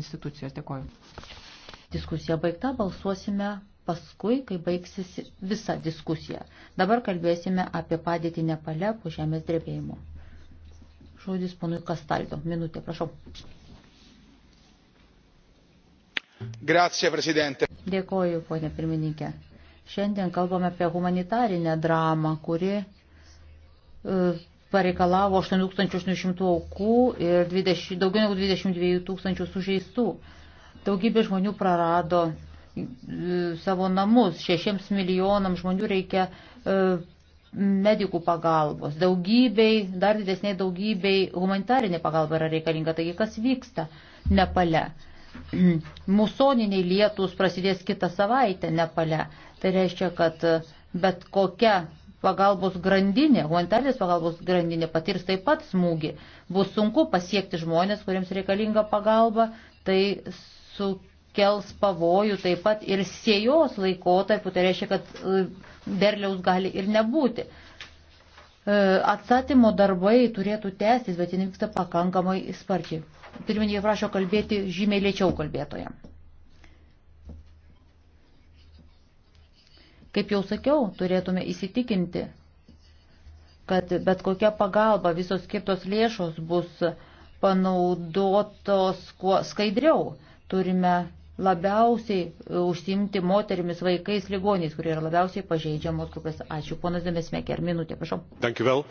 institucijos. Dėkoju. Diskusija baigta, balsuosime paskui, kai baigsis visa diskusija. Dabar kalbėsime apie padėtį Nepale po žemės drebėjimo. Žodis ponui Kastaldo. Minutė, prašau. Grazie, prezidente. Dėkoju, ponė pirmininkė. Šiandien kalbame apie humanitarinę dramą, kuri uh, pareikalavo 8800 aukų ir 20, daugiau negu 22 tūkstančių sužeistų. Daugybė žmonių prarado e, savo namus, šešiems milijonams žmonių reikia e, medikų pagalbos, daugybei, dar didesniai daugybei humanitarinė pagalba yra reikalinga, taigi kas vyksta Nepale. Musoniniai lietus prasidės kitą savaitę Nepale. Tai reiškia, kad e, bet kokia pagalbos grandinė, humanitarės pagalbos grandinė patirs taip pat smūgį. Bus sunku pasiekti žmonės, kuriems reikalinga pagalba, tai sukels pavojų taip pat ir sėjos laikotarpiu, tai reiškia, kad e, derliaus gali ir nebūti. E, Atsatymo darbai turėtų tęstis, bet jie vyksta pakankamai sparčiai. Pirmininkė prašo kalbėti žymiai lėčiau kalbėtojams. Kaip jau sakiau, turėtume įsitikinti, kad bet kokia pagalba, visos skirtos lėšos bus panaudotos kuo skaidriau. Turime labiausiai užsimti moterimis, vaikais, ligoniais, kurie yra labiausiai pažeidžiamos grupės. Ačiū, ponas Demesmeker, minutė, prašau. Dankjewel.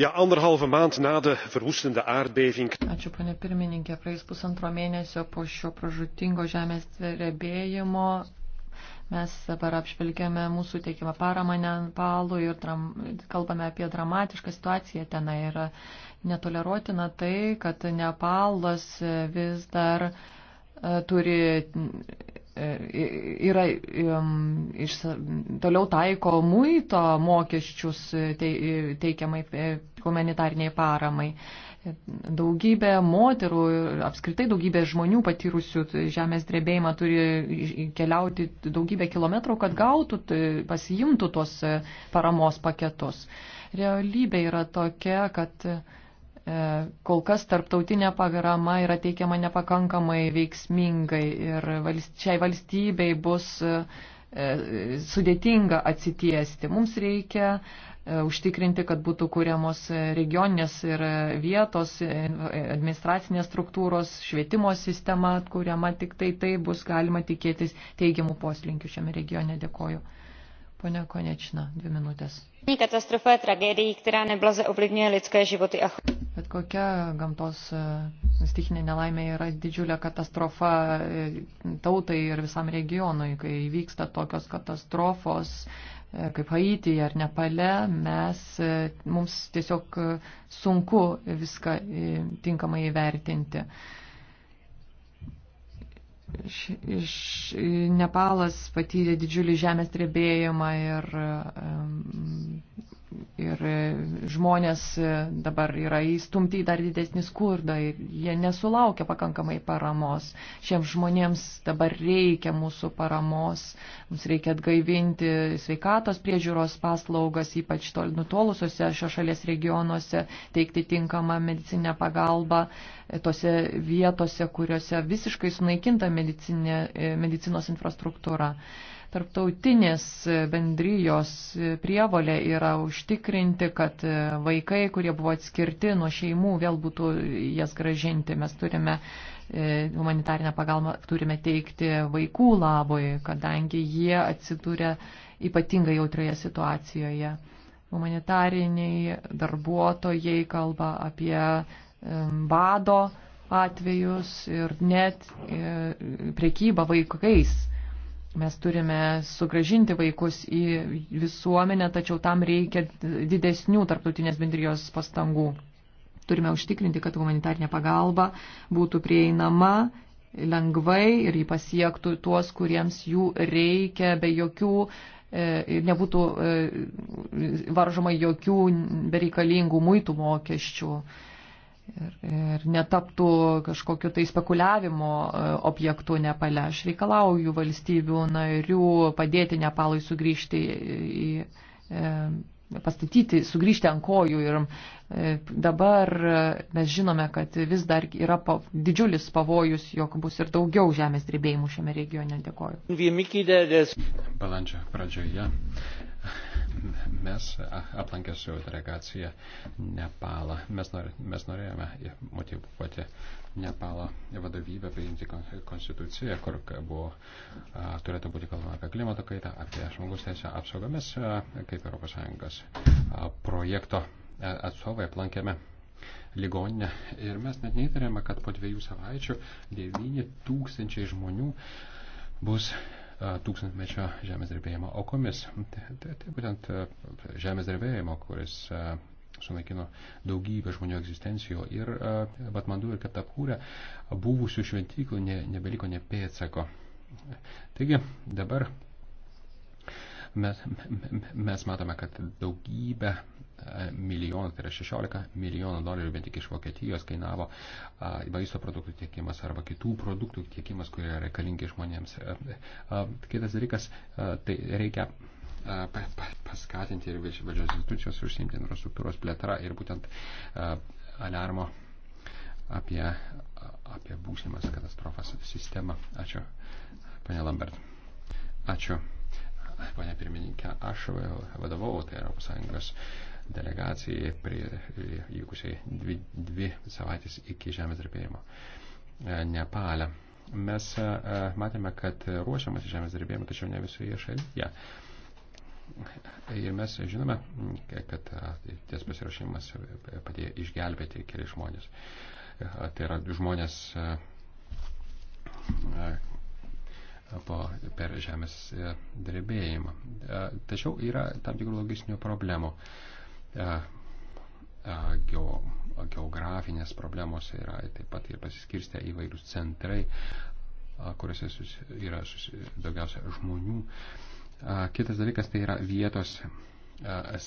Ja, anderhalve maand na de verwoestende aardbeving. Ačiū, ponė pirmininkė, praeis pusantro mėnesio po šio pražutingo žemės drebėjimo Mes dabar apžvelgėme mūsų teikiamą paramą Nepalų ir dram, kalbame apie dramatišką situaciją tenai. Yra netoleruotina tai, kad Nepalas vis dar e, turi e, yra iš, toliau taiko muito mokesčius teikiamai e, humanitarniai paramai. Daugybė moterų, apskritai daugybė žmonių patyrusių žemės drebėjimą turi keliauti daugybę kilometrų, kad gautų, pasiimtų tos e, paramos paketus. Realybė yra tokia, kad e, kol kas tarptautinė pagarama yra teikiama nepakankamai veiksmingai ir šiai valstybei bus e, sudėtinga atsitiesti. Mums reikia E, užtikrinti, kad būtų kūriamos e, regioninės ir e, vietos administracinės struktūros, švietimo sistema kūriama, tik tai tai bus galima tikėtis teigiamų poslinkių šiame regione. Dėkoju. Pone Konečina, dvi minutės. Katastrofa, tragedija, kurią neblaze oblivnė lidskai životai. Bet kokia gamtos stichinė nelaimė yra didžiulė katastrofa tautai ir visam regionui, kai vyksta tokios katastrofos, E, kaip Haityje ar Nepale, mes, e, mums tiesiog e, sunku viską tinkamai įvertinti. Iš Nepalas patyrė didžiulį žemės drebėjimą ir ir e, žmonės e, dabar yra įstumti į dar didesnį skurdą ir jie nesulaukia pakankamai paramos. Šiems žmonėms dabar reikia mūsų paramos, mums reikia atgaivinti sveikatos priežiūros paslaugas, ypač tol nutolusiuose šio šalies regionuose, teikti tinkamą medicinę pagalbą e, tose vietose, kuriuose visiškai sunaikinta medicinė, medicinos infrastruktūra. Tarptautinės bendrijos prievalė yra užtikrinti, kad vaikai, kurie buvo atskirti nuo šeimų, vėl būtų jas gražinti. Mes turime e, humanitarinę pagalbą turime teikti vaikų labui, kadangi jie atsidūrė ypatingai jautrioje situacijoje. Humanitariniai darbuotojai kalba apie e, bado atvejus ir net e, priekybą vaikais Mes turime sugražinti vaikus į visuomenę, tačiau tam reikia didesnių tarptautinės bendrijos pastangų. Turime užtikrinti, kad humanitarinė pagalba būtų prieinama lengvai ir jį pasiektų tuos, kuriems jų reikia be jokių ir e, nebūtų e, varžoma jokių bereikalingų muitų mokesčių ir, ir netaptų kažkokiu tai spekuliavimo e, objektu Nepale. Aš reikalauju valstybių narių padėti Nepalui sugrįžti į. E, pastatyti, sugrįžti ant kojų ir e, dabar mes žinome, kad vis dar yra pa, didžiulis pavojus, jog bus ir daugiau žemės drebėjimų šiame regione. Dėkoju. Balandžio pradžioje mes aplankę su delegacija Nepalą. Mes, nor, mes norėjome motivuoti Nepalą vadovybę priimti konstituciją, kur buvo, turėtų būti kalbama apie klimato kaitą, apie žmogus teisę apsaugą. Mes kaip ES projekto atstovai aplankėme ligoninę. Ir mes net neįtarėme, kad po dviejų savaičių 9 tūkstančiai žmonių bus tūkstantmečio žemės drebėjimo aukomis. Tai, tai, tai būtent e, žemės drebėjimo, kuris e, sunaikino daugybę žmonių egzistencijų ir e, Batmandų ir Katapūrė buvusių šventyklų ne, nebeliko ne pėdsako. Taigi dabar mes, mes matome, kad daugybė e, milijonų, tai yra 16 milijonų dolerių vien tik iš Vokietijos kainavo maisto produktų tiekimas arba kitų produktų tiekimas, kurie yra reikalingi žmonėms. E, e, kitas dalykas, tai reikia paskatinti ir valdžios institucijos užsiimti infrastruktūros plėtrą ir būtent aliarmo apie, apie būsimas katastrofas sistemą. Ačiū, panė Lambert. Ačiū ponia pirmininkė, aš vadovau tai ES delegacijai prie vykusiai dvi, dvi savaitės iki žemės drebėjimo e, Nepale. Mes e, e, matėme, kad ruošiamas žemės drebėjimo, tačiau ne visoje šalyje. Ir mes žinome, kad ties pasirašymas padėjo išgelbėti keli žmonės. Tai yra žmonės po, per žemės e, drebėjimą. E, tačiau yra tam tikrų logistinių problemų. E, geografinės problemos yra taip pat ir pasiskirstę įvairius centrai, kuriuose susi, yra susi, daugiausia žmonių. Kitas dalykas tai yra vietos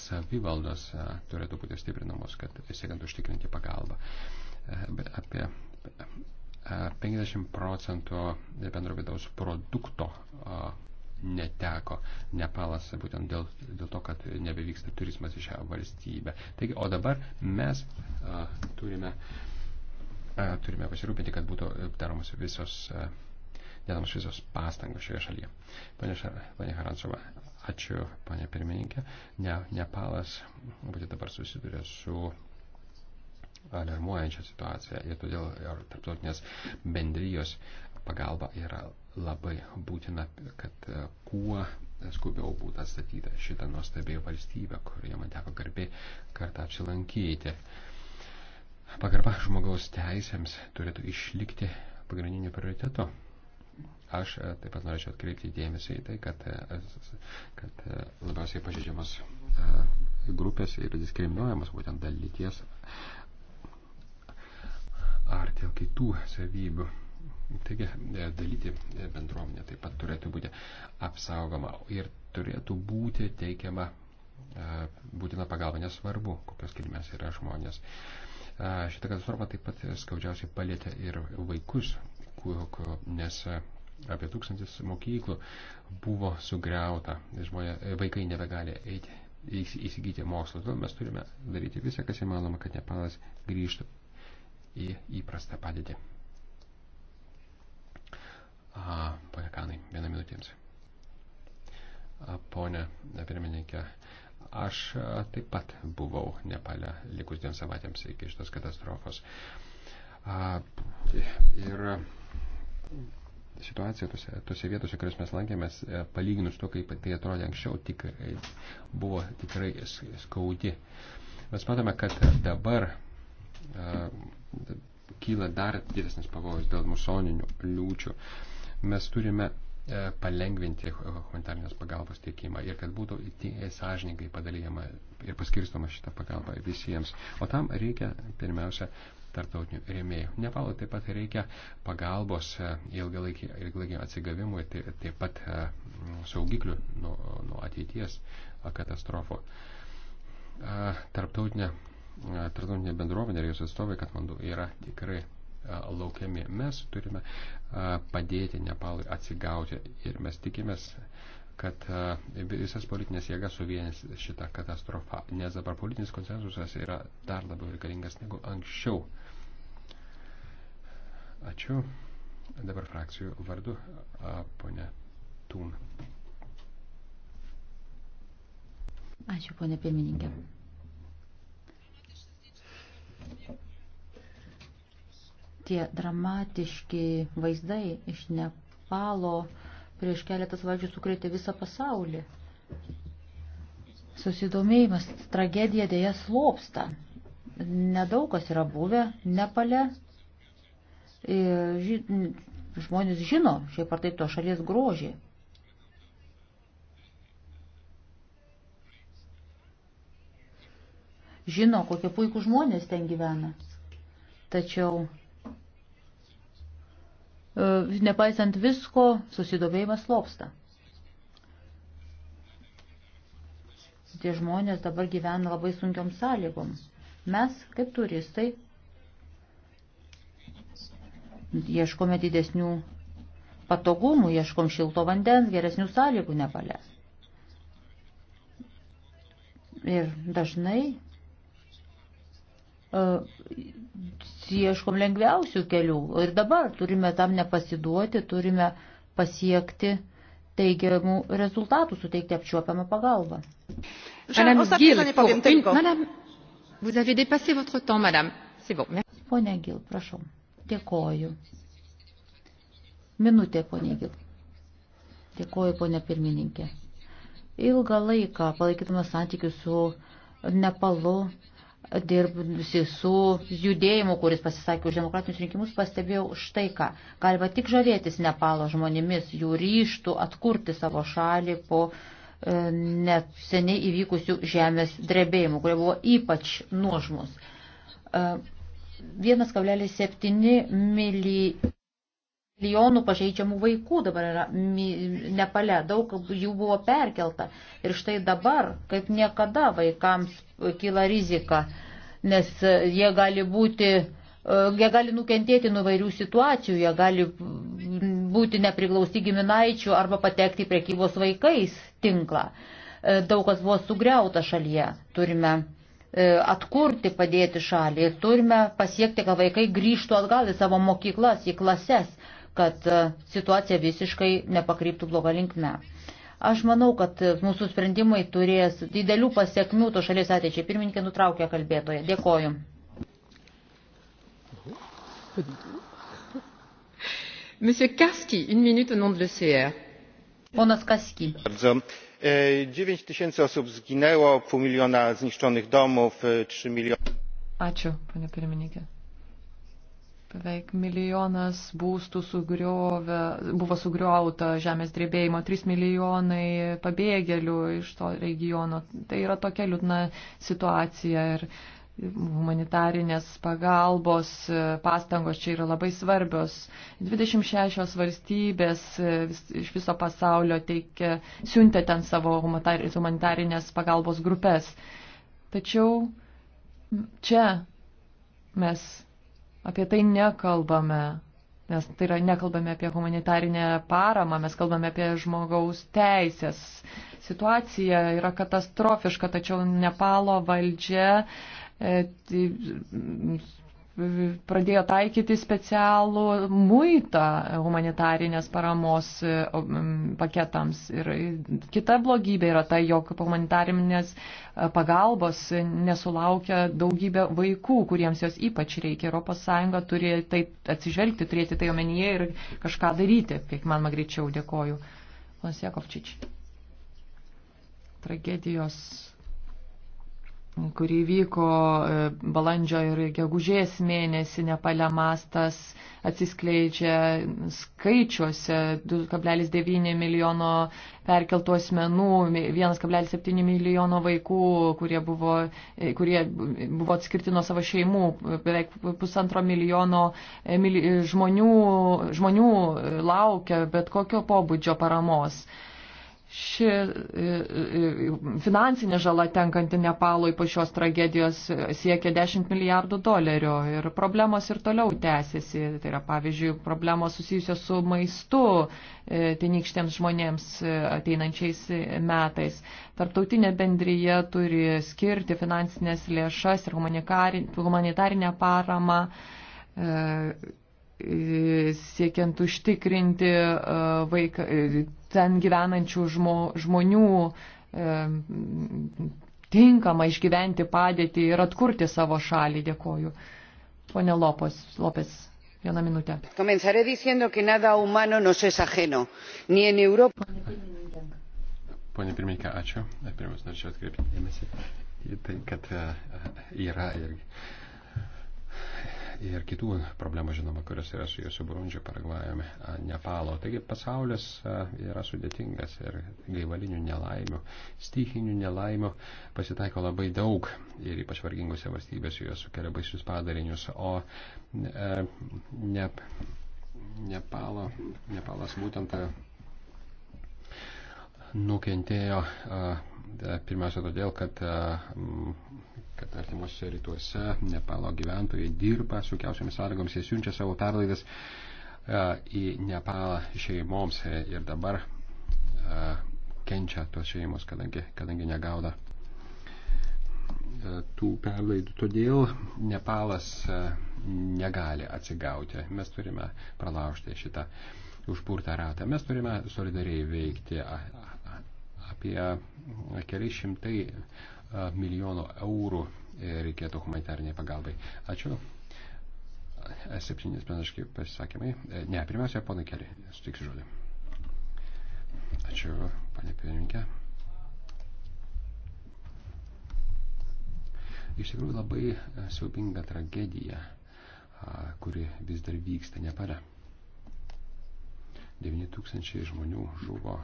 savivaldos turėtų būti stiprinamos, kad siekiant užtikrinti pagalbą. Apie 50 e, procentų bendro vidaus produkto e, neteko Nepalas būtent dėl, dėl to, kad nebevyksta turizmas į šią valstybę. Taigi, o dabar mes a, e, turime, a, turime pasirūpinti, kad būtų daromos visos, a, dedamos visos pastangos šioje šalyje. Pane, pane Harantsova, ačiū, pane pirmininkė. Ne, Nepalas būtent dabar susiduria su alarmuojančią situaciją ir todėl ir tarptautinės bendrijos pagalba yra labai būtina, kad e, kuo skubiau būtų atstatyta šitą nuostabią valstybę, kurioje man teko garbė kartą apsilankyti. Pagarba žmogaus teisėms turėtų išlikti pagrindiniu prioritetu. Aš e, taip pat norėčiau atkreipti dėmesį į tai, kad, e, kad labiausiai pažeidžiamas grupės yra diskriminuojamas būtent dėl lyties ar dėl kitų savybių. Taigi, e, dalyti e, bendruomenė taip pat turėtų būti apsaugoma ir turėtų būti teikiama e, būtina pagalba, nesvarbu, kokios kilmės yra žmonės. Šitą katastrofą taip pat skaudžiausiai palėtė ir vaikus, nes apie tūkstantis mokyklų buvo sugriauta. Žmonė, vaikai nebegali eiti įsigyti mokslo. Todėl mes turime daryti visą, kas įmanoma, kad Nepalas grįžtų į įprastą padėtį. A, pone Kanai, vieną minutę jums. Pone pirmininkė, aš taip pat buvau Nepale likus dviem savaitėms iki šitos katastrofos. A, ir situacija tose, tose vietose, kurias mes lankėmės, e, palyginus to, kaip tai atrodė anksčiau, tik, e, buvo tikrai skaudi. Mes matome, kad dabar a, kyla dar didesnis pavojus dėl musoninių liūčių. Mes turime e, palengvinti humanitarnės pagalbos teikimą ir kad būtų sąžininkai padalyjama ir paskirstoma šitą pagalbą visiems. O tam reikia pirmiausia tartautinių rėmėjų. Nepalui taip pat reikia pagalbos e, ilgalaikio atsigavimui, taip, taip pat e, saugiklių nuo, nuo ateities katastrofų. Tarptautinė tarptautinė bendruomenė ir jos atstovai Katmandu yra tikrai laukiami. Mes turime padėti Nepalui atsigauti ir mes tikimės, kad visas politinės jėgas suvienys šitą katastrofą, nes dabar politinis konsensusas yra dar labiau reikalingas negu anksčiau. Ačiū. Dabar frakcijų vardu, ponė Tūn. Ačiū, ponė pirmininkė. Mm -hmm. Tie dramatiški vaizdai iš Nepalo prieš keletą savaičių sukrėtė visą pasaulį. Susidomėjimas, tragedija dėja slopsta. Nedaug kas yra buvę Nepale. Ir žmonės žino šiaip ar taip to šalies grožį. Žino, kokie puikų žmonės ten gyvena. Tačiau E, nepaisant visko, susidomėjimas lopsta. Tie žmonės dabar gyvena labai sunkiom sąlygom. Mes, kaip turistai, ieškome didesnių patogumų, ieškom šilto vandens, geresnių sąlygų nepalės. Ir dažnai E, ieškom lengviausių kelių. Ir dabar turime tam nepasiduoti, turime pasiekti teigiamų rezultatų, suteikti apčiuopiamą pagalbą. Pone Gil, prašau. Dėkoju. Minutė, ponė Gil. Dėkoju, ponė pirmininkė. Ilgą laiką palaikytume santykius su Nepalu dirbusi su judėjimu, kuris pasisakė už demokratinius rinkimus, pastebėjau štai ką. Galima tik žavėtis Nepalo žmonėmis, jų ryštų atkurti savo šalį po e, net seniai įvykusių žemės drebėjimų, kurie buvo ypač nuožmus. 1,7 e, mili, milijonų pažeidžiamų vaikų dabar yra Nepale, daug jų buvo perkelta. Ir štai dabar, kaip niekada, vaikams kyla rizika, nes e, jie gali būti, e, jie gali nukentėti nuo vairių situacijų, jie gali būti nepriglausti giminaičių arba patekti į prekybos vaikais tinklą. E, daug kas buvo sugriauta šalyje. Turime atkurti, padėti šalį ir turime pasiekti, kad vaikai grįžtų atgal į savo mokyklas, į klases kad e, situacija visiškai nepakryptų blogą linkmę. Aš manau, kad mūsų sprendimai turės didelių pasiekmių to šalies ateičiai. Pirmininkė nutraukė kalbėtoje. Dėkoju. Monsieur Karski, une minute au nom de l'ECR. Ponas Kaski. Bardzo e, dziewięć tysięcy osób zginęło pół miliona zniszczonych domów e, trzy miliony. ačiū pone pirmininke Beveik milijonas būstų sugriovė, buvo sugriauta žemės drebėjimo, 3 milijonai pabėgėlių iš to regiono. Tai yra tokia liūdna situacija ir humanitarinės pagalbos e, pastangos čia yra labai svarbios. 26 valstybės e, vis, iš viso pasaulio teikia, siuntė ten savo humanitarinės pagalbos grupės. Tačiau čia mes Apie tai nekalbame, nes tai yra nekalbame apie humanitarinę paramą, mes kalbame apie žmogaus teisės. Situacija yra katastrofiška, tačiau Nepalo valdžia e, pradėjo taikyti specialų muitą humanitarinės paramos e, paketams. Ir kita blogybė yra ta, jog humanitarinės e, pagalbos nesulaukia daugybė vaikų, kuriems jos ypač reikia. ES turi tai atsižvelgti, turėti tai omenyje ir kažką daryti, kiek man greičiau dėkoju. Ponas Jakovčič. Tragedijos kurį vyko e, balandžio ir gegužės mėnesį Nepale mastas atsiskleidžia skaičiuose 2,9 milijono perkeltų asmenų, 1,7 milijono vaikų, kurie buvo, e, kurie buvo atskirti nuo savo šeimų, beveik pusantro milijono e, žmonių, žmonių laukia bet kokio pobūdžio paramos ši e, e, finansinė žala tenkanti Nepalui po šios tragedijos siekia 10 milijardų dolerių ir problemos ir toliau tęsiasi. Tai yra, pavyzdžiui, problemos susijusios su maistu e, tenykštėms žmonėms ateinančiais metais. Tarptautinė bendryje turi skirti finansinės lėšas ir humanitarinę paramą siekiant užtikrinti e, vaiką, e, ten gyvenančių žmo, žmonių e, tinkamą išgyventi padėtį ir atkurti savo šalį. Dėkoju. Pone Lopos, Lopes. Viena minutė. Comenzaré diciendo que nada humano nos es ajeno, ni en Europa. Pone pirmininkė, ačiū. Pirmiausia, norėčiau atkreipti dėmesį į tai, kad yra irgi ir kitų problemų, žinoma, kurios yra su jūsų Burundžiu, Paragvajumi, Nepalo. Taigi pasaulis yra sudėtingas ir gaivalinių nelaimių, stichinių nelaimių pasitaiko labai daug ir ypač vargingose valstybėse jos sukelia baisius padarinius, o ne, Nepalo, Nepalas būtent nukentėjo. A, E, pirmiausia todėl, kad, e, kad artimuose rytuose Nepalo gyventojai dirba sunkiausiamis sąlygomis, jie siunčia savo perlaidas e, į Nepalą šeimoms ir dabar kenčia tos šeimos, kadangi, kadangi negauna tų perlaidų. Todėl Nepalas negali atsigauti. Mes turime pralaužti šitą užburtą ratą. Mes turime solidariai veikti apie keli šimtai milijonų eurų e, reikėtų humanitariniai pagalbai. Ačiū. E, Septynis panaškiai pasisakymai. E, ne, pirmiausia, ponai keli, sutiksiu žodį. Ačiū, panė pirmininkė. Iš tikrųjų labai siaubinga tragedija, kuri vis dar vyksta Nepale. 9000 žmonių žuvo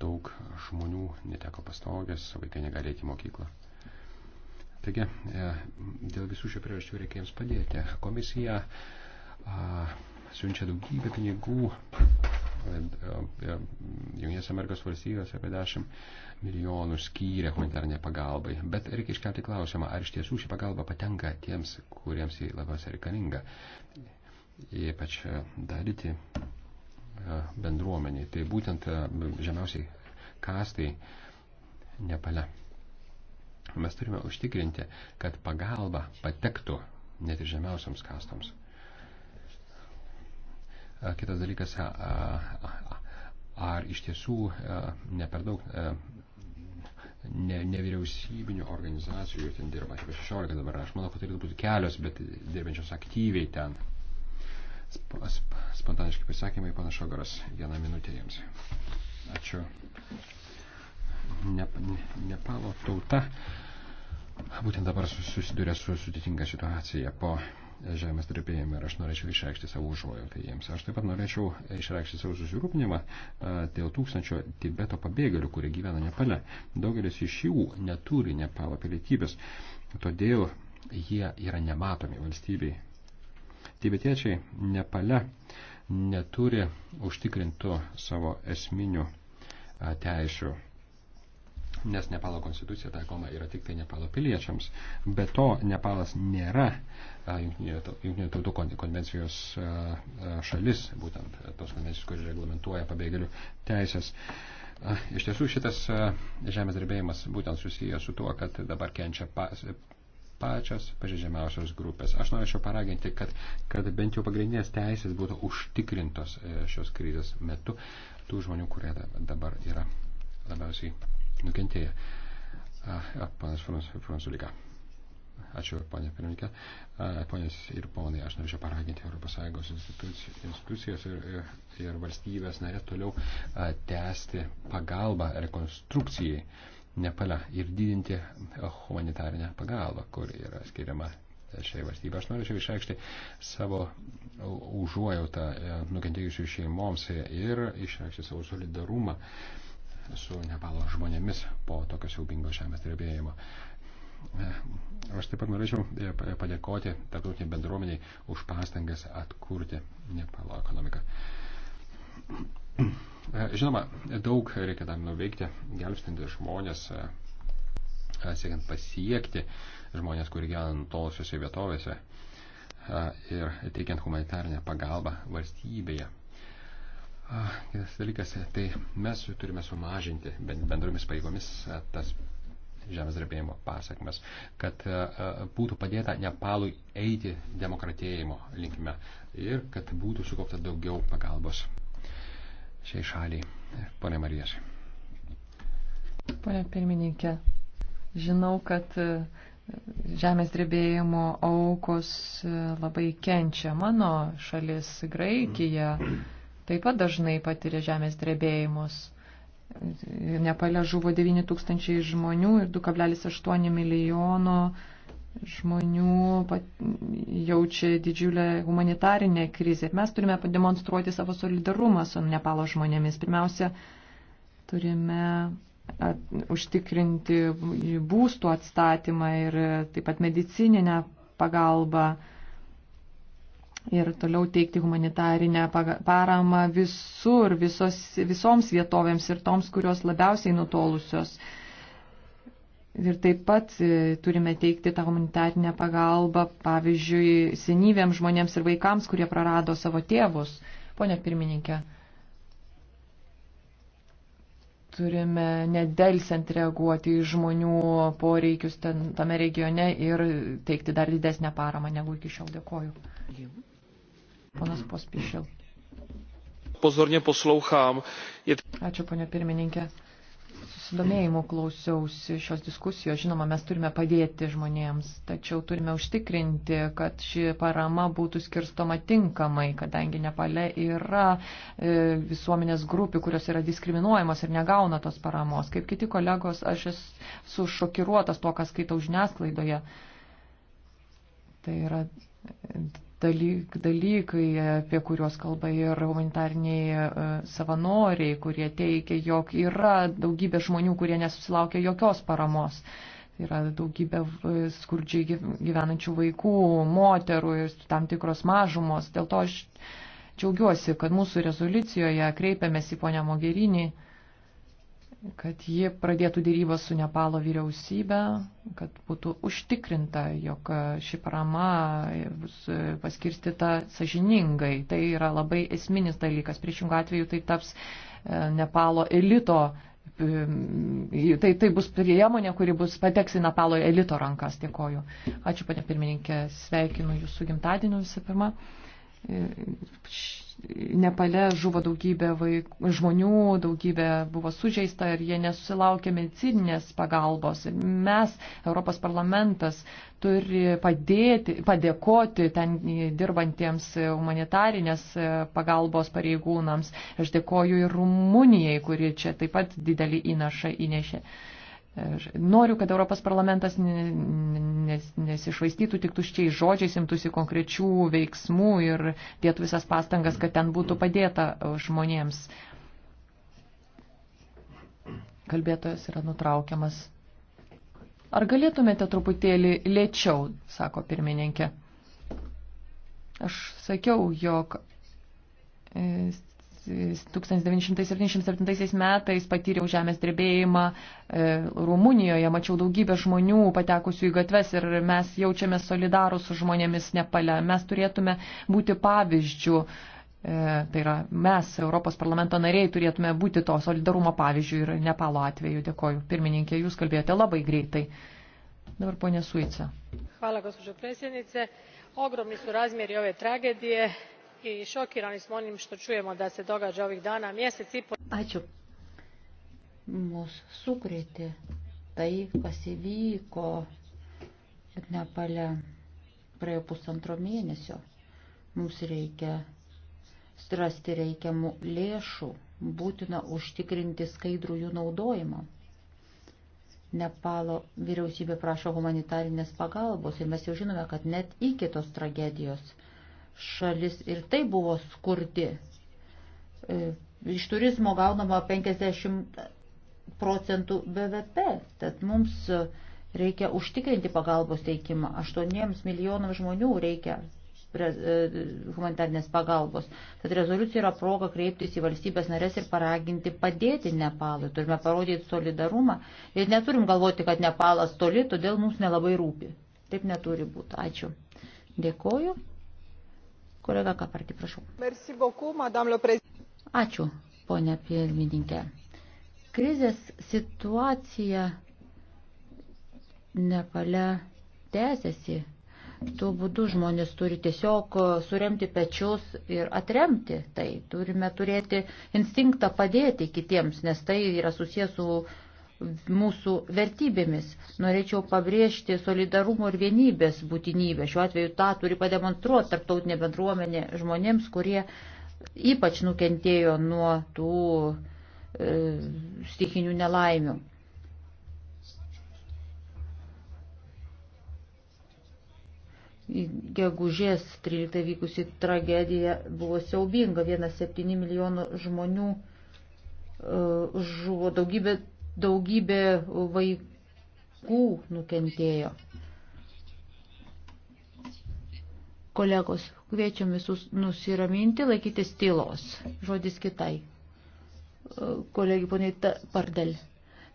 daug žmonių neteko pastogės, vaikai negali eiti į mokyklą. Taigi, e, dėl visų šių priežasčių reikia jiems padėti. Komisija a, siunčia daugybę pinigų e, e, Junginės Amerikos valstybės apie 10 milijonų skyrė humanitarnė pagalbai. Bet reikia iškelti klausimą, ar iš tiesų ši pagalba patenka tiems, kuriems jį labiausiai reikalinga. Ypač daryti bendruomeniai. Tai būtent žemiausiai kastai Nepale. Mes turime užtikrinti, kad pagalba patektų net ir žemiausiams kastams. Kitas dalykas, ar iš tiesų ne per daug ne, nevyriausybinių organizacijų ten dirba, apie 16 dabar, aš manau, kad turėtų būti kelios, bet dirbančios aktyviai ten. Spontaniški pasakymai panašo garas. Vieną minutę jiems. Ačiū. Ne, ne, Nepalo tauta būtent dabar susiduria su sudėtinga situacija po žemės drebėjimą ir aš norėčiau išreikšti savo užuojautą jiems. Aš taip pat norėčiau išreikšti savo susirūpinimą dėl tūkstančio Tibeto pabėgėlių, kurie gyvena Nepale. Daugelis iš jų neturi Nepalo pilietybės, todėl jie yra nematomi valstybei. Tibetiečiai Nepale neturi užtikrintų savo esminių teisių, nes Nepalo konstitucija taikoma yra tik tai Nepalo piliečiams. Be to, Nepalas nėra Junktinių tautų konvencijos šalis, būtent tos konvencijos, kuris reglamentuoja pabėgėlių teisės. Iš tiesų šitas žemės drebėjimas būtent susijęs su tuo, kad dabar kenčia pačios pažeidžiamiausios grupės. Aš norėčiau paraginti, kad, kad bent jau pagrindinės teisės būtų užtikrintos e, šios krizės metu tų žmonių, kurie dabar yra labiausiai nukentėję. Panas Fransulika. Ačiū, ponė pirmininkė. Ponės ir ponai, aš norėčiau paraginti ES institucijos ir, ir, ir valstybės narės toliau tęsti pagalbą rekonstrukcijai Nepale ir didinti humanitarinę pagalbą, kuri yra skiriama šiai valstybė. Aš norėčiau išreikšti savo užuojautą e, nukentėjusių šeimoms ir išreikšti savo solidarumą su Nepalo žmonėmis po tokio siaubingo žemės drebėjimo. E, aš taip pat norėčiau e, padėkoti tarptautiniai bendruomeniai už pastangas atkurti Nepalo ekonomiką. E, žinoma, daug reikia dar nuveikti, gelbstinti žmonės, e, e, siekiant pasiekti žmonės, kurie gyvena tolosiuose vietovėse ir teikiant humanitarinę pagalbą valstybėje. Kitas dalykas, tai mes turime sumažinti bendromis paėgomis tas žemės drebėjimo pasakmes, kad būtų padėta Nepalui eiti demokratėjimo linkme ir kad būtų sukaupta daugiau pagalbos šiai šaliai. Pone Marijas. Pone pirmininkė, žinau, kad e, žemės drebėjimo aukos e, labai kenčia. Mano šalis Graikija taip pat dažnai patiria žemės drebėjimus. Nepale žuvo 9 tūkstančiai žmonių ir 2,8 milijono žmonių jaučia didžiulę humanitarinę krizę. Mes turime pademonstruoti savo solidarumą su Nepalo žmonėmis. Pirmiausia, turime at, užtikrinti būstų atstatymą ir taip pat medicininę pagalbą ir toliau teikti humanitarinę paramą visur, visos, visoms vietovėms ir toms, kurios labiausiai nutolusios. Uh, Ir taip pat e, turime teikti tą humanitarinę pagalbą, pavyzdžiui, senyviems žmonėms ir vaikams, kurie prarado savo tėvus. Pone pirmininkė, turime nedelsiant reaguoti į žmonių poreikius ten, tame regione ir teikti dar didesnę paramą negu iki šiol. Dėkoju. Ponas Pospišil. Pozornie poslouchám. Ačiū, ponė pirmininkė sudomėjimu klausiausi šios diskusijos. Žinoma, mes turime padėti žmonėms, tačiau turime užtikrinti, kad ši parama būtų skirstoma tinkamai, kadangi Nepale yra e, visuomenės grupių, kurios yra diskriminuojamos ir negauna tos paramos. Kaip kiti kolegos, aš esu šokiruotas to, ką skaitau žiniasklaidoje. Tai yra dalyk, dalykai, apie kuriuos kalba ir humanitariniai e, savanoriai, kurie teikia, jog yra daugybė žmonių, kurie nesusilaukia jokios paramos. Tai yra daugybė skurdžiai gyvenančių vaikų, moterų ir tam tikros mažumos. Dėl to aš džiaugiuosi, kad mūsų rezoliucijoje kreipiamės į ponę Mogerinį kad ji pradėtų dėrybą su Nepalo vyriausybė, kad būtų užtikrinta, jog ši parama bus paskirstita sažiningai. Tai yra labai esminis dalykas. Priešingų atveju tai taps e, Nepalo elito, e, tai, tai bus priemonė, kuri bus pateks į Nepalo elito rankas. Dėkoju. Ačiū, panė pirmininkė, sveikinu jūsų gimtadienį visų pirma. Nepale žuvo daugybė vaikų, žmonių, daugybė buvo sužeista ir jie nesusilaukė medicininės pagalbos. Mes, Europos parlamentas, turi padėti, padėkoti ten dirbantiems humanitarinės pagalbos pareigūnams. Aš dėkoju ir Rumunijai, kuri čia taip pat didelį įnašą įnešė. Noriu, kad Europos parlamentas nesišvaistytų tik tuščiai žodžiais, imtųsi konkrečių veiksmų ir dėtų visas pastangas, kad ten būtų padėta uh, žmonėms. Kalbėtojas yra nutraukiamas. Ar galėtumėte truputėlį lėčiau, sako pirmininkė. Aš sakiau, jog e, 1977 metais patyriau žemės drebėjimą e, Rumunijoje, mačiau daugybę žmonių patekusių į gatves ir mes jaučiamės solidarus su žmonėmis Nepale. Mes turėtume būti pavyzdžių, e, tai yra mes, Europos parlamento nariai, turėtume būti to solidarumo pavyzdžių ir Nepalo atveju. Dėkoju. Pirmininkė, jūs kalbėjote labai greitai. Dabar ponė Suica. Hvala, gospođo predsjednice. Ogromni su razmjeri ove tragedije i šokirani smo onim što čujemo da se događa ovih dana mjesec i pol. Ačiū. Mus sukrėtė tai, kas įvyko Nepale praėjo pusantro mėnesio. Mums reikia strasti reikiamų lėšų, būtina užtikrinti skaidrų jų naudojimą. Nepalo vyriausybė prašo humanitarinės pagalbos ir mes jau žinome, kad net iki tos tragedijos šalis ir tai buvo skurdi. E, iš turizmo gaunama 50 procentų BVP, tad mums reikia užtikrinti pagalbos teikimą. 8 milijonams žmonių reikia e, humanitarnės pagalbos. Tad rezoliucija yra proga kreiptis į valstybės narės ir paraginti padėti Nepalui. Turime parodyti solidarumą ir neturim galvoti, kad Nepalas toli, todėl mums nelabai rūpi. Taip neturi būti. Ačiū. Dėkoju. Kolega Kapartį, prašau. Merci beaucoup, madame le président. Ačiū, ponia pirmininkė. Krizės situacija Nepale tęsiasi. Tuo būdu žmonės turi tiesiog suremti pečius ir atremti tai. Turime turėti instinktą padėti kitiems, nes tai yra susijęs su mūsų vertybėmis. Norėčiau pabrėžti solidarumo ir vienybės būtinybę. Šiuo atveju tą turi pademonstruoti tarptautinė bendruomenė žmonėms, kurie ypač nukentėjo nuo tų e, stikinių nelaimių. Gegužės 13 vykusi tragedija buvo siaubinga, 1,7 milijono žmonių e, žuvo daugybė daugybė vaikų nukentėjo. Kolegos, kviečiam visus nusiraminti, laikytis tylos. Žodis kitai. Kolegi poniai Pardel.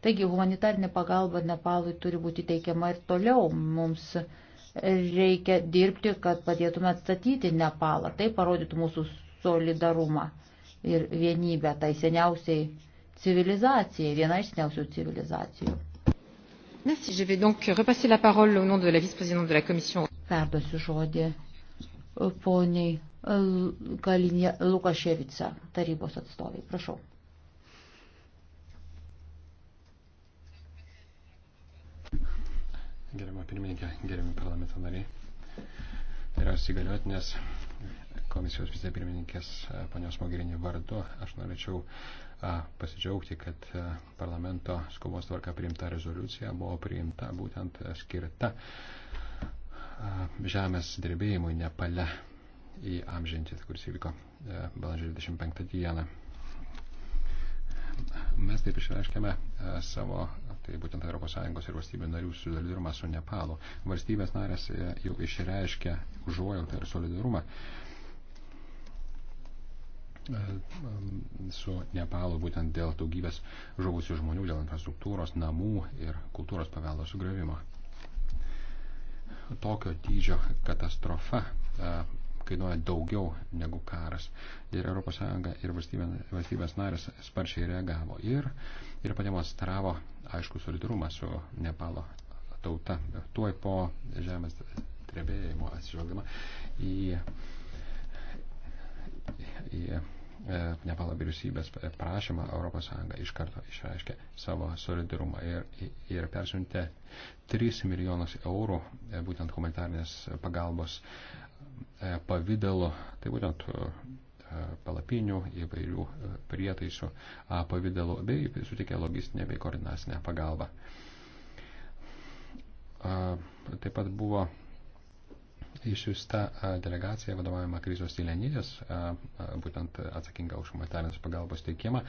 Taigi humanitarinė pagalba Nepalui turi būti teikiama ir toliau. Mums reikia dirbti, kad padėtume atstatyti Nepalą. Tai parodytų mūsų solidarumą ir vienybę tai seniausiai civilizacijai, viena iš seniausių civilizacijų. Merci, je vais donc repasser la parole au nom de la vice-présidente de la commission. Perduosiu žodį e, poniai e, Kalinė Lukaševica, tarybos atstovai. Prašau. Gerimo pirmininkė, gerimi parlamento nariai. Vyriausiai galiotinės komisijos vicepirmininkės e, ponios Mogherini vardu aš norėčiau pasidžiaugti, kad e, parlamento skubos tvarka priimta rezoliucija buvo priimta būtent skirta žemės drebėjimui Nepale į amžinti, kuris įvyko e, balandžio 25 dieną. Mes taip išreiškėme e, savo, tai būtent ES ir valstybių narių solidarumą su Nepalu. Valstybės narės jau išreiškė užuojautą ir solidarumą E, e, su Nepalu būtent dėl daugybės žuvusių žmonių, dėl infrastruktūros, namų ir kultūros paveldo sugriovimo. Tokio dydžio katastrofa e, kainuoja daugiau negu karas. Ir ES ir valstybės, valstybės narės sparčiai reagavo ir, ir pademonstravo aišku solidarumą su Nepalo tauta. Tuoj po žemės drebėjimo atsižvelgdama į į e, Nepalo vyriausybės prašymą ES iš karto išreiškė savo solidarumą ir, ir persiuntė 3 milijonus eurų e, būtent humanitarnės pagalbos e, pavydalu, tai būtent palapinių, įvairių prietaisų pavydalu, bei suteikė logistinę bei koordinacinę pagalbą. Taip pat buvo išsiųsta delegacija vadovaujama krizos įlenydės, būtent atsakinga už humanitarinės pagalbos teikimą.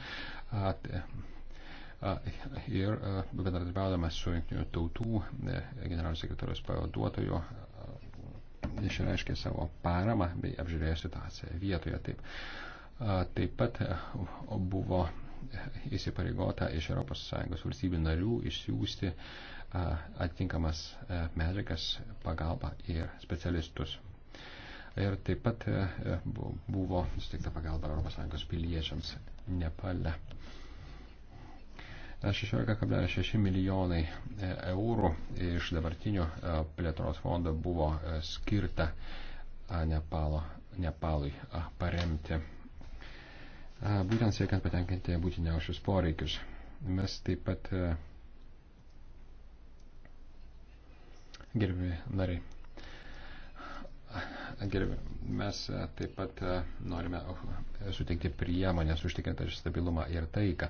Ir bendradarbiaudamas su jungtinių tautų e, generalinio sekretorijos pavaduotoju išreiškė savo paramą bei apžiūrėjo situaciją vietoje. Taip, taip pat e, buvo įsipareigota iš ES valstybių narių išsiųsti uh, atitinkamas medžiagas, pagalbą ir specialistus. Ir taip pat buvo suteikta pagalba ES piliečiams Nepale. 16,6 milijonai e, eurų iš dabartinio plėtros fondo buvo skirta Nepalo, Nepalui paremti, būtent siekiant patenkinti būtiniausius poreikius. Mes taip pat Gerbiami nariai. Gerbiami, mes taip pat e, norime e, suteikti priemonės užtikrinti stabilumą ir taiką.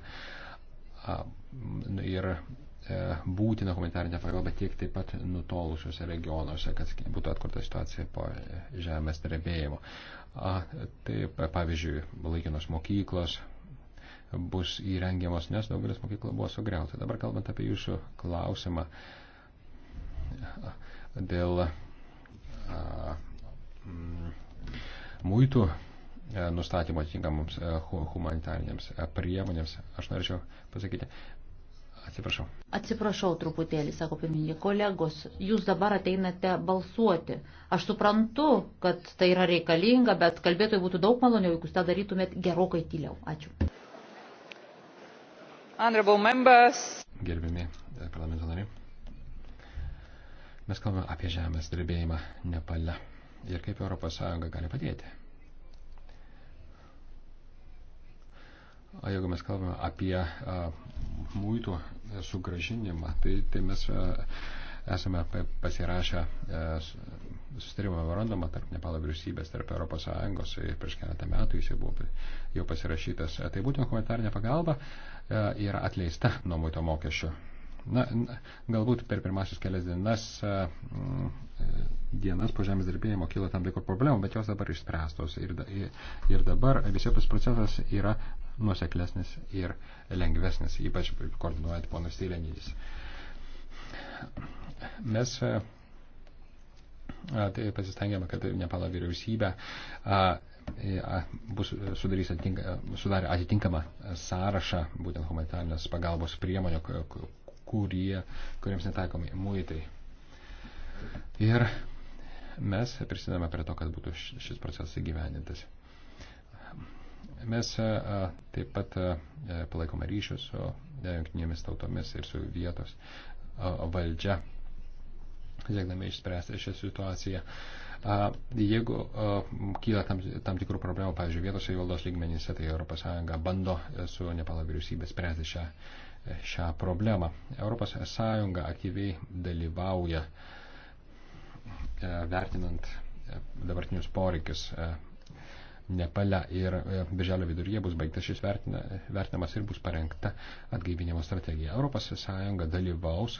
Ir e, būtina humanitarinė pagalba tiek taip pat nutolusiuose regionuose, kad būtų atkurta situacija po žemės drebėjimo. Taip, pavyzdžiui, laikinos mokyklos, bus įrengiamos, nes daugelis mokyklų buvo sugriauta. Dabar kalbant apie jūsų klausimą, uh, dėl mm, muitų e, nustatymo atitinkamoms e, humanitariniams e, priemonėms. Aš norėčiau pasakyti, Atsiprašau. Atsiprašau truputėlį, sako pirmininkė, kolegos, jūs dabar ateinate balsuoti. Aš suprantu, kad tai yra reikalinga, bet kalbėtojai būtų daug maloniau, jeigu jūs tą darytumėt gerokai tyliau. Ačiū. Honorable members. Gerbimi parlamento nariai. Mes kalbame apie žemės drebėjimą Nepale ir kaip ES gali padėti. O jeigu mes kalbame apie a, mūtų sugražinimą, tai, tai mes a, esame pasirašę a, sustarimą memorandumą tarp Nepalo vyriausybės, tarp ES ir prieš keletą metų jis jau buvo jau pasirašytas. A, tai būtent humanitarinė pagalba a, yra atleista nuo mūto mokesčio. Na, galbūt per pirmasis kelias dienas, e, dienas po žemės darbėjimo kilo tam tikrų problemų, bet jos dabar išspręstos ir, ir dabar visi tas procesas yra nuseklesnis ir lengvesnis, ypač koordinuojant ponas Tylenydis. Mes tai pasistengėme, kad Nepalo vyriausybė bus sudarys atitinka, sudarė atitinkamą sąrašą būtent humanitarnės pagalbos priemonių, kurie, kuriems netaikomi muitai. Ir mes prisidame prie to, kad būtų šis procesas įgyvendintas. Mes taip pat palaikome ryšius su jungtinėmis tautomis ir su vietos valdžia, siekdami išspręsti šią situaciją. Jeigu kyla tam, tam tikrų problemų, pavyzdžiui, vietos įvaldos lygmenyse, tai ES bando su Nepalo vyriausybė spręsti šią, šią problemą. ES aktyviai dalyvauja e, vertinant e, dabartinius poreikius e, Nepale ir birželio viduryje bus baigtas šis vertina, vertinamas ir bus parengta atgaivinimo strategija. ES dalyvaus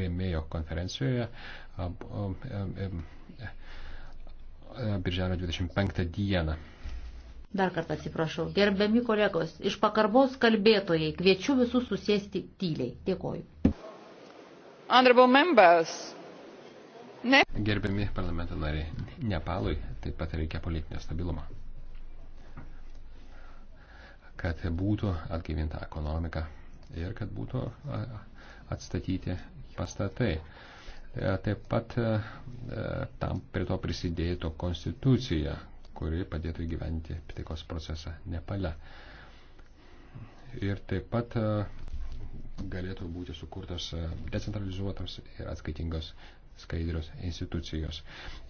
remėjo konferencijoje birželio 25 dieną. Dar kartą atsiprašau. Gerbiami kolegos, iš pakarbos kalbėtojai kviečiu visus susėsti tyliai. Dėkoju. Honorable members. Ne. Gerbiami parlamento nariai, Nepalui taip pat reikia politinio stabilumo. Kad būtų atgyvinta ekonomika ir kad būtų atstatyti pastatai. E, taip pat e, e, tam prie to prisidėtų konstitucija, kuri padėtų įgyventi taikos procesą Nepale. Ir taip pat e, galėtų būti sukurtos e, decentralizuotos ir atskaitingos skaidrios institucijos.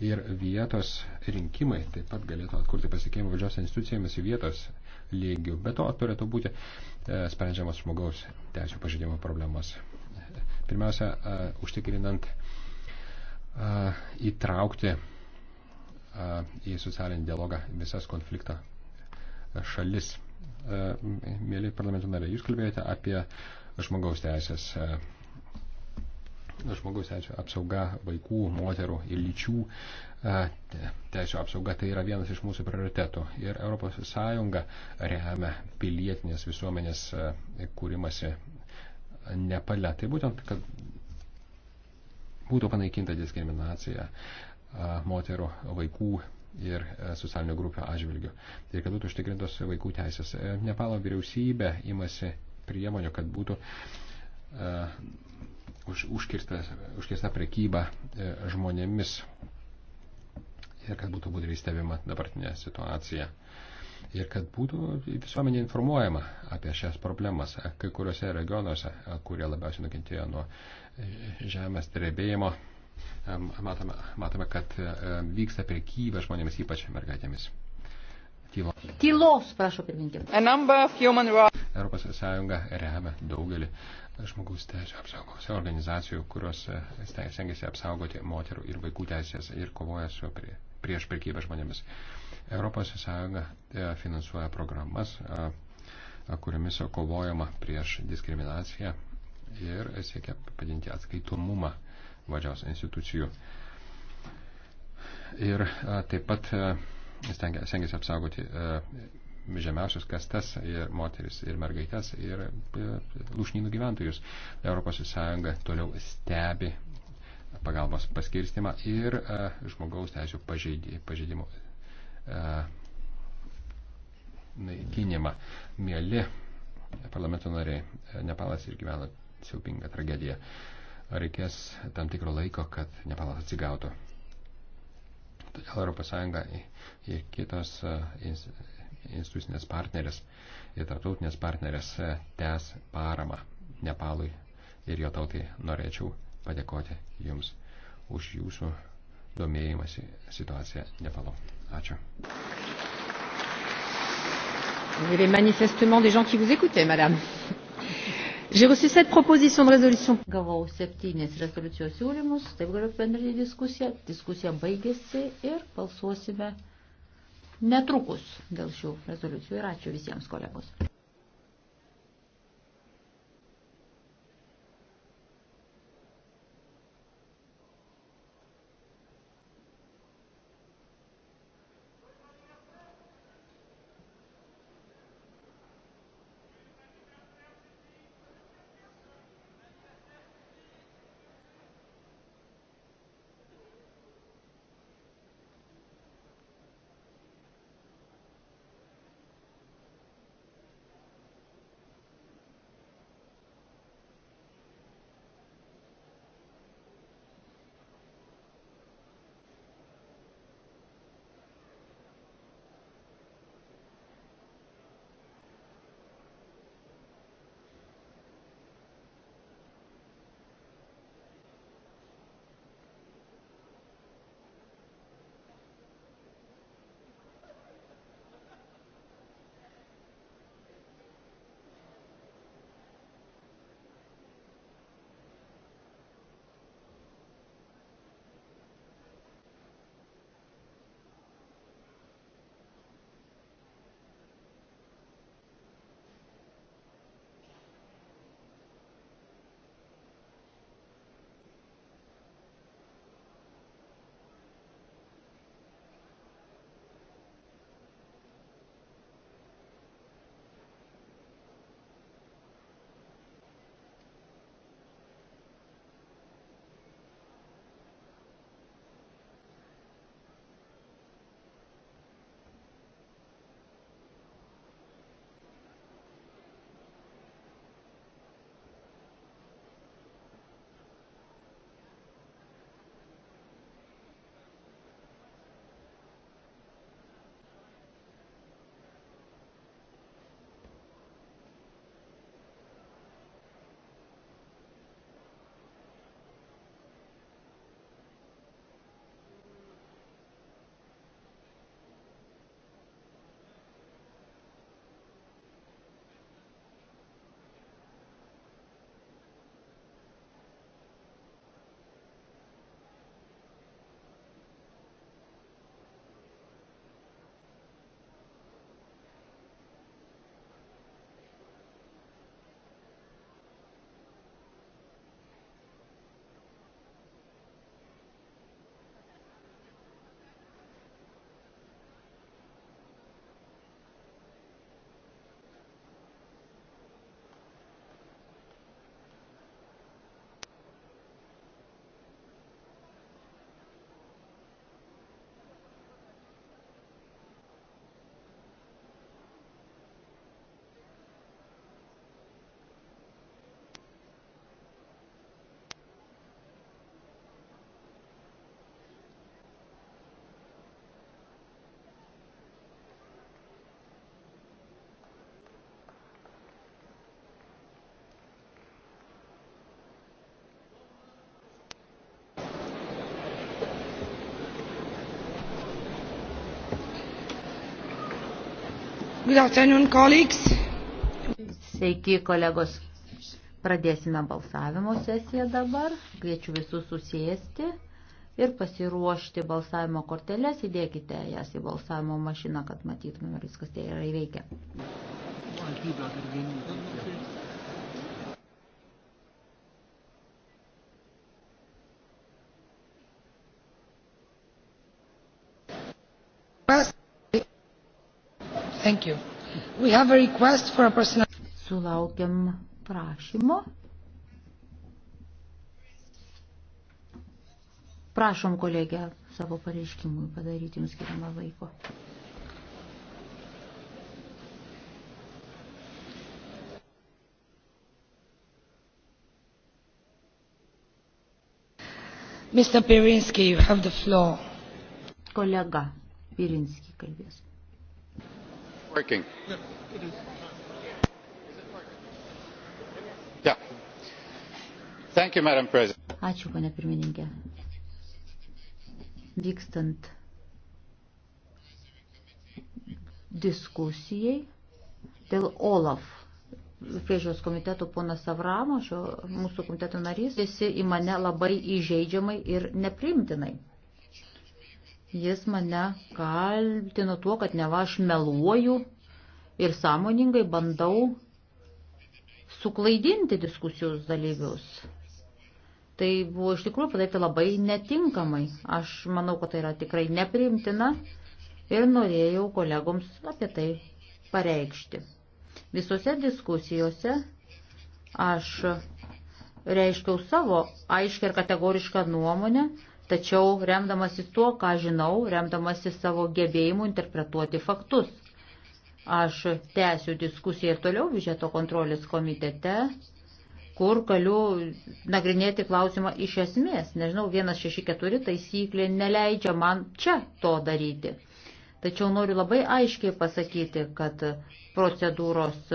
Ir vietos rinkimai taip pat galėtų atkurti pasitikėjimą valdžios institucijomis vietos lygių. Be to turėtų būti e, sprendžiamas žmogaus teisų pažeidimo problemas. Pirmiausia, užtikrinant įtraukti į socialinį dialogą visas konfliktą šalis. Mėly parlamento nariai, jūs kalbėjote apie žmogaus teisės, žmogaus teisės apsauga vaikų, moterų ir lyčių teisų apsauga. Tai yra vienas iš mūsų prioritetų. Ir ES remia pilietinės visuomenės kūrimasi nepale. Tai būtent, kad būtų panaikinta diskriminacija. Uh, moterų, vaikų ir socialinių grupių atžvilgių. Ir tai kad būtų užtikrintos vaikų teisės. E, Nepalo vyriausybė imasi priemonių, kad būtų uh, už, užkirsta, užkirsta prekyba uh, e, žmonėmis ir kad būtų būdriai stebima dabartinė situacija. Ir kad būtų visuomenė informuojama apie šias problemas, kai kuriuose regionuose, kurie labiausiai nukentėjo nuo e, žemės drebėjimo, matome, matome kad e, e, vyksta prekyba žmonėmis, ypač mergaitėmis. Tylo. Tylos, prašau, pirmininkė. Europos Sąjunga remia daugelį žmogaus teisų apsaugos organizacijų, kurios e, stengiasi apsaugoti moterų ir vaikų teisės ir kovoja su prie, prieš prekybę žmonėmis. Europos Sąjunga finansuoja programas, kuriomis kovojama prieš diskriminaciją ir siekia padinti atskaitomumą valdžios institucijų. Ir e, taip pat e, stengiasi apsaugoti e, žemiausius kastas ir moteris ir mergaitės ir lūšnynų gyventojus. ES toliau stebi pagalbos paskirstimą ir žmogaus teisų pažeidimų naikinimą. Mėly parlamento nariai, Nepalas išgyvena siaubingą tragediją reikės tam tikro laiko, kad Nepalas atsigautų. Todėl ES ir kitos e, institucinės partnerės ir tarptautinės partnerės e, tęs paramą Nepalui ir jo tautai norėčiau padėkoti Jums už Jūsų domėjimąsi situaciją Nepalu. Ačiū. Il y avait manifestement des gens qui vous écoutaient, madame. Gavau septynis rezoliucijos siūlymus, taip galiu apibendrinti diskusiją. Diskusija baigėsi ir balsuosime netrukus dėl šių rezoliucijų. Ir ačiū visiems kolegos. Sveiki, kolegos. Pradėsime balsavimo sesiją dabar. Kviečiu visus susėsti ir pasiruošti balsavimo korteles. Įdėkite jas į balsavimo mašiną, kad matytumėm, ar viskas tai yra įveikę. Thank you. We have a request for a personal... Sulaukiam prašymo. Prašom, kolegė, savo pareiškimui padaryti jums skiriamą laiko. Mr. Pirinski, you have the floor. Kolega Pirinski kalbės working? No, it is. Yeah. Thank you, Madam President. Ačiū, ponė pirmininkė. Vykstant diskusijai dėl OLAF priežiūros komiteto ponas Avramo, mūsų komiteto narys, visi į mane labai įžeidžiamai ir neprimtinai. Jis mane kaltino tuo, kad ne va aš meluoju ir sąmoningai bandau suklaidinti diskusijos dalyvius. Tai buvo iš tikrųjų padaryti labai netinkamai. Aš manau, kad tai yra tikrai nepriimtina ir norėjau kolegoms apie tai pareikšti. Visose diskusijose aš reiškiau savo aiškę ir kategorišką nuomonę, tačiau remdamasi tuo, ką žinau, remdamasi savo gebėjimu interpretuoti faktus. Aš tęsiu diskusiją ir toliau biudžeto kontrolės komitete, kur galiu nagrinėti klausimą iš esmės. Nežinau, 164 taisyklė neleidžia man čia to daryti. Tačiau noriu labai aiškiai pasakyti, kad procedūros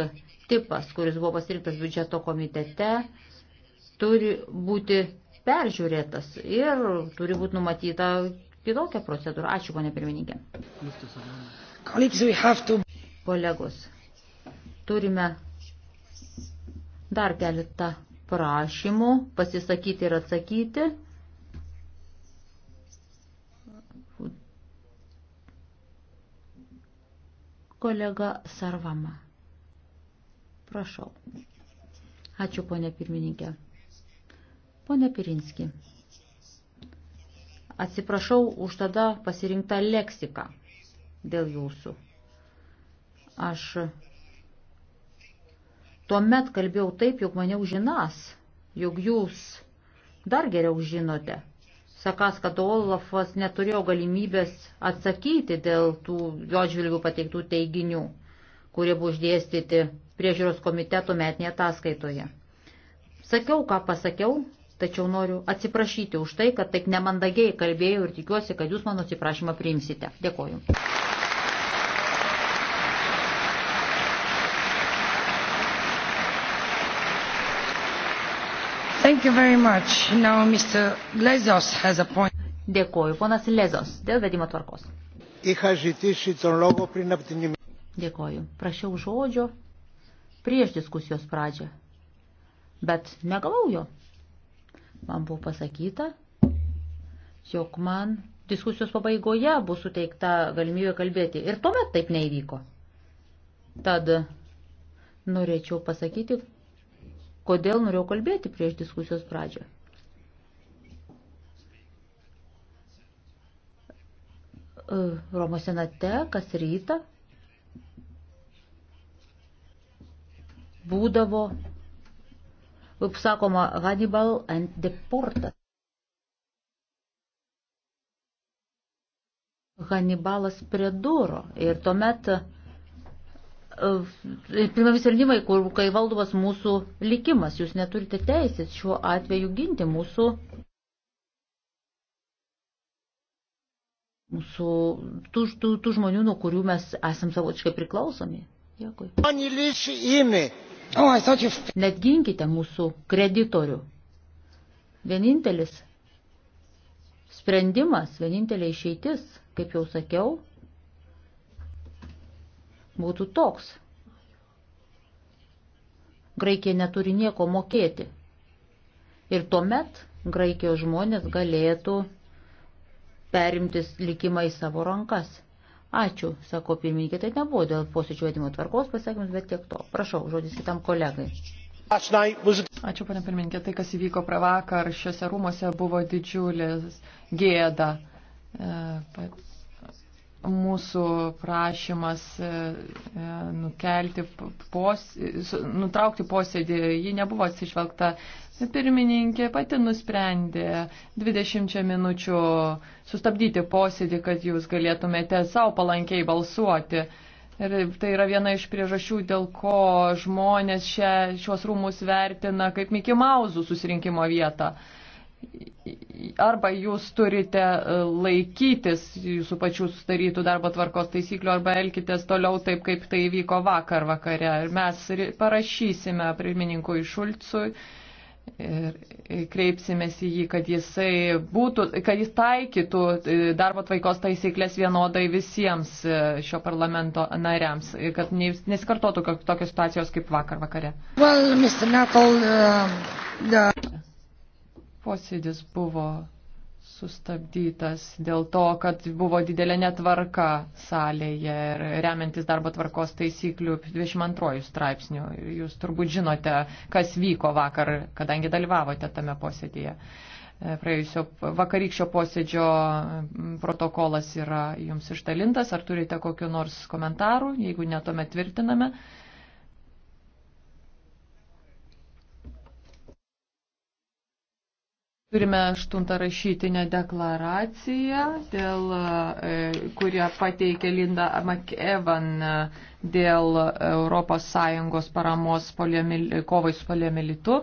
tipas, kuris buvo pasirinktas biudžeto komitete, turi būti peržiūrėtas ir turi būti numatyta kitokia procedūra. Ačiū, ponė pirmininkė. Kolegos, turime dar keletą prašymų pasisakyti ir atsakyti. Kolega Sarvama. Prašau. Ačiū, ponė pirmininkė. Pone Pirinski, atsiprašau už tada pasirinktą leksiką dėl jūsų. Aš tuomet kalbėjau taip, jog maniau žinas, jog jūs dar geriau žinote. Sakas, kad Olafas neturėjo galimybės atsakyti dėl tų jo atžvilgių pateiktų teiginių, kurie buvo išdėstyti priežiūros komiteto metinėje ataskaitoje. Sakiau, ką pasakiau, Tačiau noriu atsiprašyti už tai, kad taip nemandagiai kalbėjau ir tikiuosi, kad jūs mano atsiprašymą priimsite. Dėkoju. Now, Dėkoju, ponas Lezos, dėl vedimo tvarkos. Dėkoju. Prašiau žodžio prieš diskusijos pradžią, bet negavau jo man buvo pasakyta, jog man diskusijos pabaigoje bus suteikta galimybė kalbėti. Ir tuomet taip neįvyko. Tad norėčiau pasakyti, kodėl norėjau kalbėti prieš diskusijos pradžią. E, Romos senate kas rytą būdavo kaip sakoma, Hannibal and Deporta. Hannibalas prie durų ir tuomet e, primami sprendimai, kur kai valdomas mūsų likimas, jūs neturite teisės šiuo atveju ginti mūsų, mūsų tų, tų, tų žmonių, nuo kurių mes esam savotiškai priklausomi. Dėkui. Oh, you... Net ginkite mūsų kreditorių. Vienintelis sprendimas, vienintelė išeitis, kaip jau sakiau, būtų toks. Graikija neturi nieko mokėti. Ir tuomet Graikijos žmonės galėtų perimtis likimą į savo rankas. Ačiū, sako pirmininkė, tai nebuvo dėl posėdžio vedimo tvarkos pasakymas, bet tiek to. Prašau, žodis kitam kolegai. Ačiū, pane pirmininkė, tai kas įvyko pra vakar šiuose rūmose buvo didžiulis gėda. E, mūsų prašymas e, e, nukelti pos, nutraukti posėdį, ji nebuvo atsižvelgta Pirmininkė pati nusprendė 20 minučių sustabdyti posėdį, kad jūs galėtumėte savo palankiai balsuoti. Ir tai yra viena iš priežasčių, dėl ko žmonės šia, šios rūmus vertina kaip Mickey Mouse'ų susirinkimo vietą. Arba jūs turite e, laikytis jūsų pačių sustarytų darbo tvarkos taisyklių, arba elkitės toliau taip, kaip tai vyko vakar vakare. Ir mes parašysime pirmininkui Šulcui ir kreipsimės į jį, kad, jisai būtų, kad jis taikytų e, darbo tvarkos taisyklės vienodai visiems e, šio parlamento nariams ir kad nesikartotų tokios situacijos kaip vakar vakare. Well, Nuttall, uh, the... Posėdis buvo sustabdytas dėl to, kad buvo didelė netvarka salėje ir remiantis darbo tvarkos taisyklių 22 straipsnių. Jūs turbūt žinote, kas vyko vakar, kadangi dalyvavote tame posėdėje. E, praėjusio vakarykščio posėdžio protokolas yra jums išdalintas. Ar turite kokiu nors komentaru? Jeigu netuomet tvirtiname. Turime aštuntą rašytinę deklaraciją, dėl, e, kurią pateikė Linda McEvan e, dėl ES paramos kovai su poliomilitu.